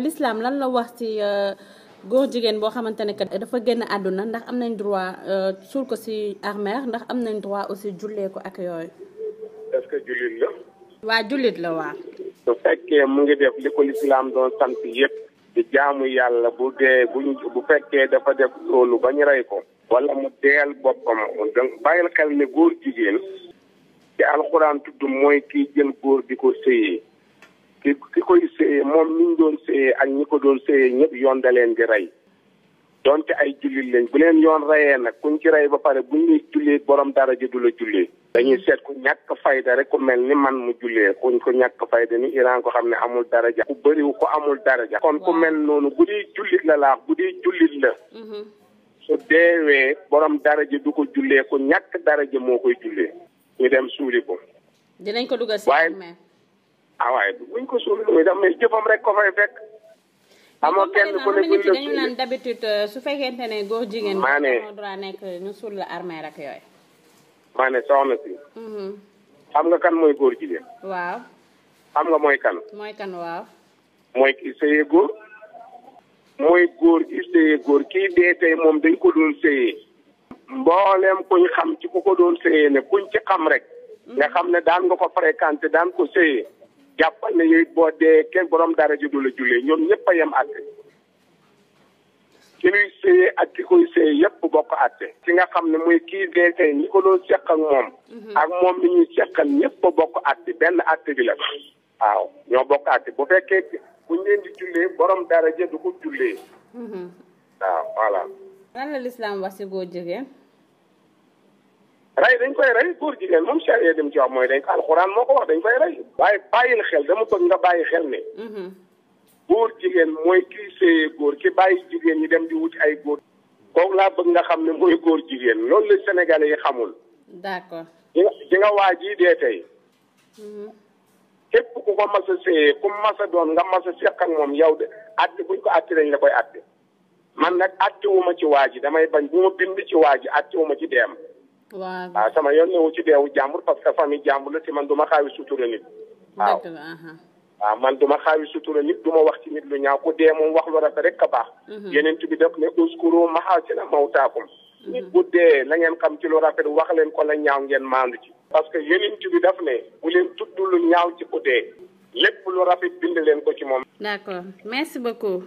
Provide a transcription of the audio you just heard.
l'islam lan la wax ci góor jigen bo xamantene ka dafa génn aduna ndax am nañ droit sul ko ci armer ndax am nañ droit aussi jullee ko ak yoy est-ce que julit la. wa julit la wa su fekke mu ngi def liko l'islam lislaam sante sant yëpp. di jaamu yàlla bu de buñu bu fekke dafa def loolu bañ ray ko. wala mu deel bopam donc bayil xel ne góor jigen ci alcorane tuddu moy ki jël góor diko ko sëyee. ki ki koy séyee moom ni ñu doon séyee ak ñi ko doon séyee ñëpp yoon da leen di rey donte ay jullit lañ bu leen yoon reyee nag kuñ ci rey ba pare bu lay jullee borom dara ji du la jullee. dañuy seet ku ñàkk fayda rek ku mel ni man mu jullee kuñ ko ñàkk fayda ni Iran ko xam ne amul daraja ku bëriw ko amul daraja kon ku mel noonu bu dee jullit la laax bu dee jullit la mm-hmm. su deewee borom daraja du ko jullee ku ñàkk daraja moo koy jullee ñu dem suuli ko ah waaye buñ ko suul muy dem mais jëfam rek ko fay fekk. amoo kenn ku ne buñ la dañu naan d'habitude euh, su fekkente ne góor jigéen. maa ne rek yooyu. maa ne mm-hmm. xam nga kan mooy góor jigéen. waaw. xam nga mooy kan. mooy kan waaw. mooy ki sëyee góor. mooy góor ki sëyee góor kii dee tey moom dañ ko doon sëyee. mboolem kuñ xam ci ku ko doon sëyee ne kuñ ci xam rek. nga mm-hmm. xam ne daan nga ko fréquenté daan ko sëyee. jàppal ne yooyu boo dee kenn borom daara ji du la jullee ñoom ñëpp a yem àtte ki nuy séyee ak ki koy séyee yëpp bokk àtte ci nga xam ne muy kii dee tey ñi ko doon seq ak moom mhm. ak moom li ñuy seqal ñëpp a bokk àtte benn àtte bi la waaw ñoo bokk àtte bu fekkee bu ñu leen di jullee borom daara du ko jullee mhm. waaw voilà lan la lislaam wax ci góor jigéen rey dañ koy rey góor jigéen moom charia dem ci wax mooy dañ ko alxuraan moo ko wax dañ koy rey bàyyi bàyyil xel dama bëgg nga bàyyi xel ne mm-hmm. góor jigéen mooy kii séyee góor ki bàyyi jigéen ñi dem di wuti ay góor kooku laa bëgg nga xam ne mooy góor jigéen loolu la sénégalais yi xamul d'accord di nga waa jii dee tey mm-hmm. képp ku ko mas a séyee ku mas a doon nga mas a seq ak moom yow de àtte buñ ko àtte dañ la koy àtte man nag àtte ci waa ji damay bañ bu ma ci waa ji àtte ma ci deem waaw waaw ah, sama yoon ñëwu ci deewu jàmbur parce que famille jàmbur la te man duma ma xaawi sutura nit. waaw waaw uh-huh. ah, man du ma xaawi sutura nit du ma wax ci nit lu ñaaw ku dee moom wax lu rafet rek a baax. Uh-huh. yeneen bi def ne uskuru mahaasina mawtaakum uh-huh. nit bu dee la ngeen xam ci lu rafet wax leen ko la ñaaw ngeen maandu ci. parce que yeneen bi daf ne bu leen tudd lu ñaaw ci ku dee lépp lu rafet bind leen ko ci moom. d'accord merci beaucoup.